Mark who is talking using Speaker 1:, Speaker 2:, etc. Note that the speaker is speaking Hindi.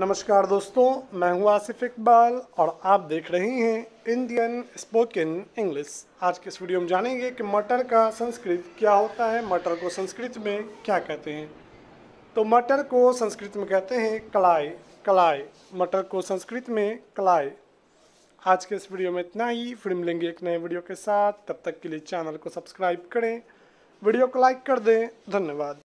Speaker 1: नमस्कार दोस्तों मैं हूं आसिफ इकबाल और आप देख रहे हैं इंडियन स्पोकन इंग्लिश आज के इस वीडियो में जानेंगे कि मटर का संस्कृत क्या होता है मटर को संस्कृत में क्या कहते हैं तो मटर को संस्कृत में कहते हैं कलाई कलाई मटर को संस्कृत में कलाई आज के इस वीडियो में इतना ही फिर मिलेंगे एक नए वीडियो के साथ तब तक के लिए चैनल को सब्सक्राइब करें वीडियो को लाइक कर दें धन्यवाद